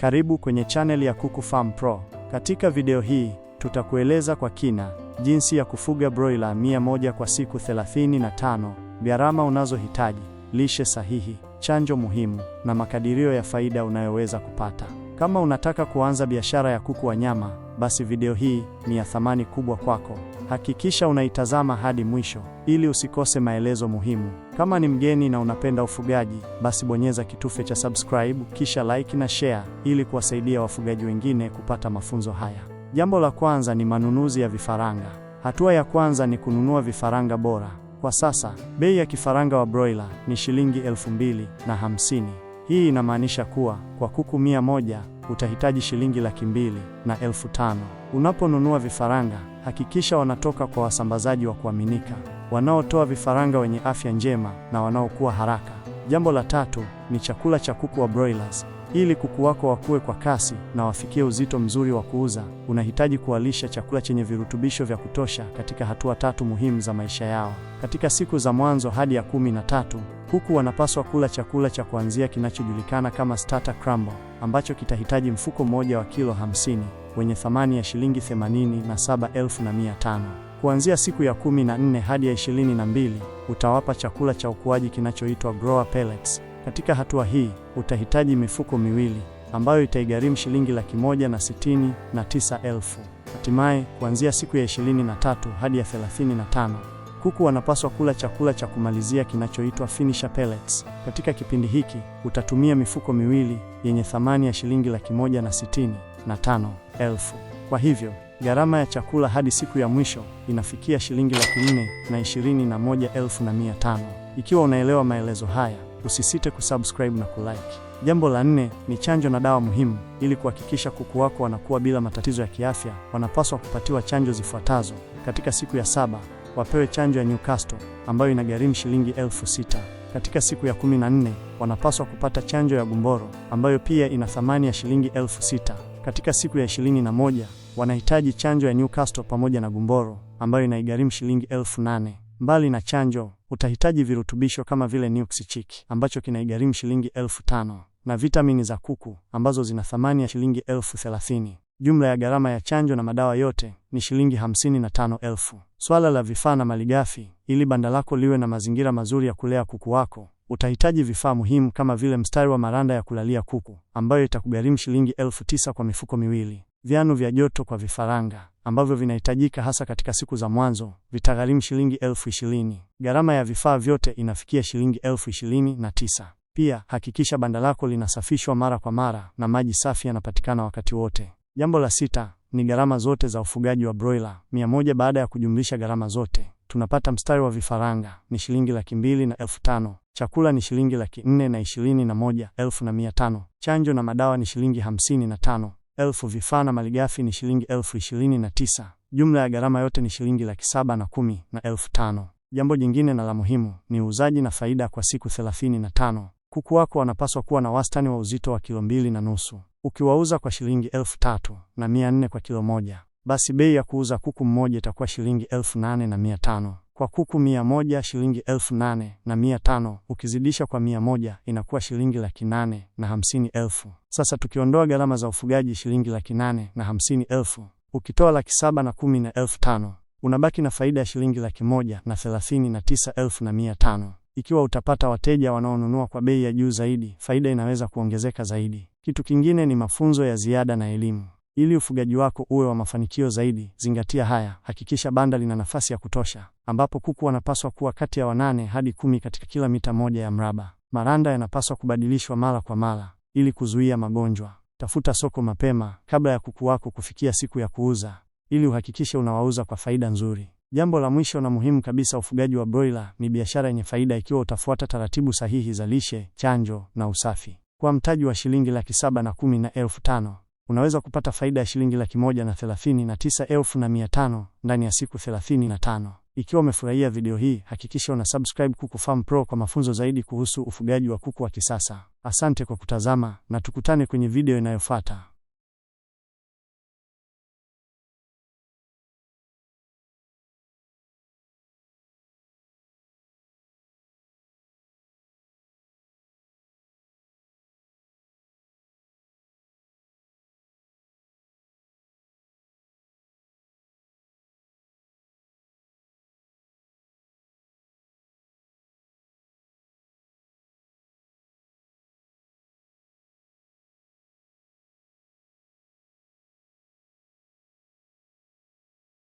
Karibu kwenye channel ya Kuku Farm Pro. Katika video hii tutakueleza kwa kina jinsi ya kufuga broiler mia moja kwa siku 35, gharama unazohitaji, lishe sahihi, chanjo muhimu na makadirio ya faida unayoweza kupata. Kama unataka kuanza biashara ya kuku wa nyama, basi video hii ni ya thamani kubwa kwako. Hakikisha unaitazama hadi mwisho ili usikose maelezo muhimu. Kama ni mgeni na unapenda ufugaji, basi bonyeza kitufe cha subscribe kisha like na share ili kuwasaidia wafugaji wengine kupata mafunzo haya. Jambo la kwanza ni manunuzi ya vifaranga. Hatua ya kwanza ni kununua vifaranga bora. Kwa sasa, bei ya kifaranga wa broiler ni shilingi elfu mbili na hamsini. Hii inamaanisha kuwa kwa kuku mia moja utahitaji shilingi laki mbili na elfu tano. Unaponunua vifaranga hakikisha wanatoka kwa wasambazaji wa kuaminika, wanaotoa vifaranga wenye afya njema na wanaokuwa haraka. Jambo la tatu ni chakula cha kuku wa broilers. Ili kuku wako wakue kwa kasi na wafikie uzito mzuri wa kuuza, unahitaji kuwalisha chakula chenye virutubisho vya kutosha katika hatua tatu muhimu za maisha yao. Katika siku za mwanzo hadi ya kumi na tatu, kuku wanapaswa kula chakula cha kuanzia kinachojulikana kama starter crumble ambacho kitahitaji mfuko mmoja wa kilo hamsini wenye thamani ya shilingi 87,500. Kuanzia siku ya 14 hadi ya 22 utawapa chakula cha ukuaji kinachoitwa grower pellets. Katika hatua hii utahitaji mifuko miwili ambayo itaigharimu shilingi laki moja na sitini na tisa elfu. Hatimaye, kuanzia siku ya 23 hadi ya 35 kuku wanapaswa kula chakula cha kumalizia kinachoitwa finisher pellets. Katika kipindi hiki utatumia mifuko miwili yenye thamani ya shilingi laki moja na sitini tano elfu. Kwa hivyo gharama ya chakula hadi siku ya mwisho inafikia shilingi laki nne na ishirini na moja elfu na mia tano. Ikiwa unaelewa maelezo haya, usisite kusubscribe na kulike. Jambo la nne ni chanjo na dawa muhimu. Ili kuhakikisha kuku wako wanakuwa bila matatizo ya kiafya, wanapaswa kupatiwa chanjo zifuatazo. Katika siku ya saba wapewe chanjo ya Newcastle ambayo inagharimu shilingi elfu sita. Katika siku ya kumi na nne wanapaswa kupata chanjo ya Gumboro ambayo pia ina thamani ya shilingi elfu sita. Katika siku ya ishirini na moja wanahitaji chanjo ya Newcastle pamoja na gumboro ambayo inaigharimu shilingi elfu nane. Mbali na chanjo, utahitaji virutubisho kama vile Nuxichik ambacho kinaigharimu shilingi elfu tano na vitamini za kuku ambazo zina thamani ya shilingi elfu thelathini. Jumla ya gharama ya chanjo na madawa yote ni shilingi hamsini na tano elfu. Swala la vifaa na malighafi, ili banda lako liwe na mazingira mazuri ya kulea kuku wako utahitaji vifaa muhimu kama vile mstari wa maranda ya kulalia kuku ambayo itakugharimu shilingi elfu tisa kwa mifuko miwili, vyanu vya joto kwa vifaranga ambavyo vinahitajika hasa katika siku za mwanzo vitagharimu shilingi elfu ishirini. Gharama ya vifaa vyote inafikia shilingi elfu ishirini na tisa. Pia hakikisha banda lako linasafishwa mara kwa mara na maji safi yanapatikana wakati wote. Jambo la sita ni gharama zote za ufugaji wa broiler mia moja baada ya kujumlisha gharama zote tunapata mstari wa vifaranga ni shilingi laki mbili na elfu tano chakula ni shilingi laki nne na ishirini na moja elfu na mia tano chanjo na madawa ni shilingi hamsini na tano elfu vifaa na malighafi ni shilingi elfu ishirini na tisa jumla ya gharama yote ni shilingi laki saba na kumi na elfu tano jambo jingine na la muhimu ni uuzaji na faida kwa siku thelathini na tano kuku wako wanapaswa kuwa na wastani wa uzito wa kilo mbili na nusu ukiwauza kwa shilingi elfu tatu na mia nne kwa kilo moja basi bei ya kuuza kuku mmoja itakuwa shilingi elfu nane na mia tano kwa kuku mia moja shilingi elfu nane na mia tano ukizidisha kwa mia moja inakuwa shilingi laki nane na hamsini elfu. Sasa tukiondoa gharama za ufugaji shilingi laki nane na hamsini elfu, ukitoa laki saba na kumi na elfu tano unabaki na faida ya shilingi laki moja na thelathini na tisa elfu na mia tano. Ikiwa utapata wateja wanaonunua kwa bei ya juu zaidi, faida inaweza kuongezeka zaidi. Kitu kingine ni mafunzo ya ziada na elimu. Ili ufugaji wako uwe wa mafanikio zaidi, zingatia haya. Hakikisha banda lina nafasi ya kutosha, ambapo kuku wanapaswa kuwa kati ya wanane hadi kumi katika kila mita moja ya mraba. Maranda yanapaswa kubadilishwa mara kwa mara ili kuzuia magonjwa. Tafuta soko mapema kabla ya kuku wako kufikia siku ya kuuza, ili uhakikishe unawauza kwa faida nzuri. Jambo la mwisho na muhimu kabisa, ufugaji wa broiler ni biashara yenye faida ikiwa utafuata taratibu sahihi za lishe, chanjo na usafi. Kwa mtaji wa shilingi laki saba na kumi na elfu tano unaweza kupata faida ya shilingi laki moja na thelathini na tisa elfu na mia tano ndani ya siku thelathini na tano. Ikiwa umefurahia video hii, hakikisha una subscribe Kuku Farm Pro kwa mafunzo zaidi kuhusu ufugaji wa kuku wa kisasa. Asante kwa kutazama na tukutane kwenye video inayofuata.